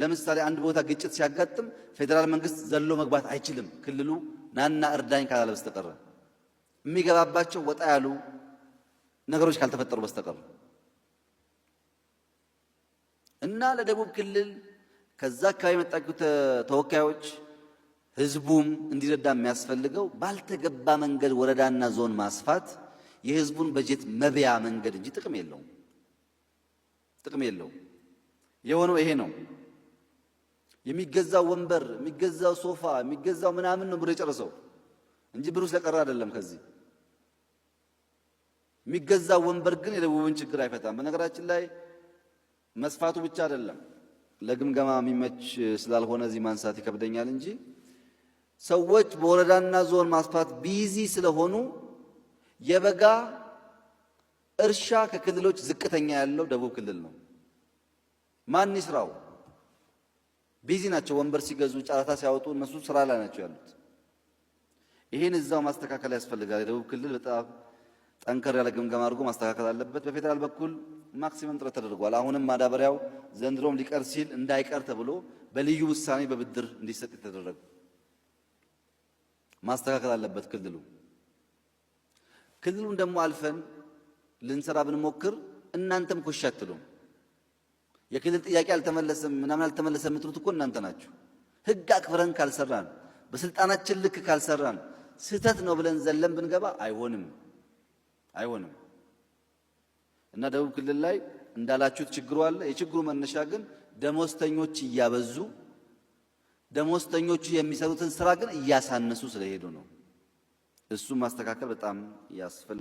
ለምሳሌ አንድ ቦታ ግጭት ሲያጋጥም ፌዴራል መንግስት ዘሎ መግባት አይችልም። ክልሉ ናና እርዳኝ ካላለ በስተቀረ የሚገባባቸው ወጣ ያሉ ነገሮች ካልተፈጠሩ በስተቀር እና ለደቡብ ክልል ከዛ አካባቢ የመጣችሁ ተወካዮች ህዝቡም እንዲረዳ የሚያስፈልገው ባልተገባ መንገድ ወረዳና ዞን ማስፋት የህዝቡን በጀት መብያ መንገድ እንጂ ጥቅም የለውም ጥቅም የለውም። የሆነው ይሄ ነው። የሚገዛው ወንበር፣ የሚገዛው ሶፋ፣ የሚገዛው ምናምን ነው ብሎ የጨረሰው እንጂ ብሩ ስለቀረ አይደለም። ከዚህ የሚገዛው ወንበር ግን የደቡብን ችግር አይፈታም። በነገራችን ላይ መስፋቱ ብቻ አይደለም ለግምገማ የሚመች ስላልሆነ እዚህ ማንሳት ይከብደኛል እንጂ ሰዎች በወረዳና ዞን ማስፋት ቢዚ ስለሆኑ የበጋ እርሻ ከክልሎች ዝቅተኛ ያለው ደቡብ ክልል ነው። ማን ይስራው? ቢዚ ናቸው። ወንበር ሲገዙ ጨረታ ሲያወጡ እነሱ ስራ ላይ ናቸው ያሉት። ይህን እዛው ማስተካከል ያስፈልጋል። የደቡብ ክልል በጣም ጠንከር ያለ ግምገማ አድርጎ ማስተካከል አለበት። በፌዴራል በኩል ማክሲመም ጥረት ተደርጓል። አሁንም ማዳበሪያው ዘንድሮም ሊቀር ሲል እንዳይቀር ተብሎ በልዩ ውሳኔ በብድር እንዲሰጥ የተደረገ ማስተካከል አለበት ክልሉ። ክልሉን ደግሞ አልፈን ልንሰራ ብንሞክር እናንተም ኮሻ የክልል ጥያቄ አልተመለሰም ምናምን አልተመለሰም የምትሉት እኮ እናንተ ናችሁ። ህግ አክብረን ካልሰራን፣ በስልጣናችን ልክ ካልሰራን፣ ስህተት ነው ብለን ዘለን ብንገባ አይሆንም አይሆንም። እና ደቡብ ክልል ላይ እንዳላችሁት ችግሩ አለ። የችግሩ መነሻ ግን ደሞዝተኞች እያበዙ ደሞዝተኞቹ የሚሰሩትን ስራ ግን እያሳነሱ ስለሄዱ ነው። እሱ ማስተካከል በጣም ያስፈልጋል።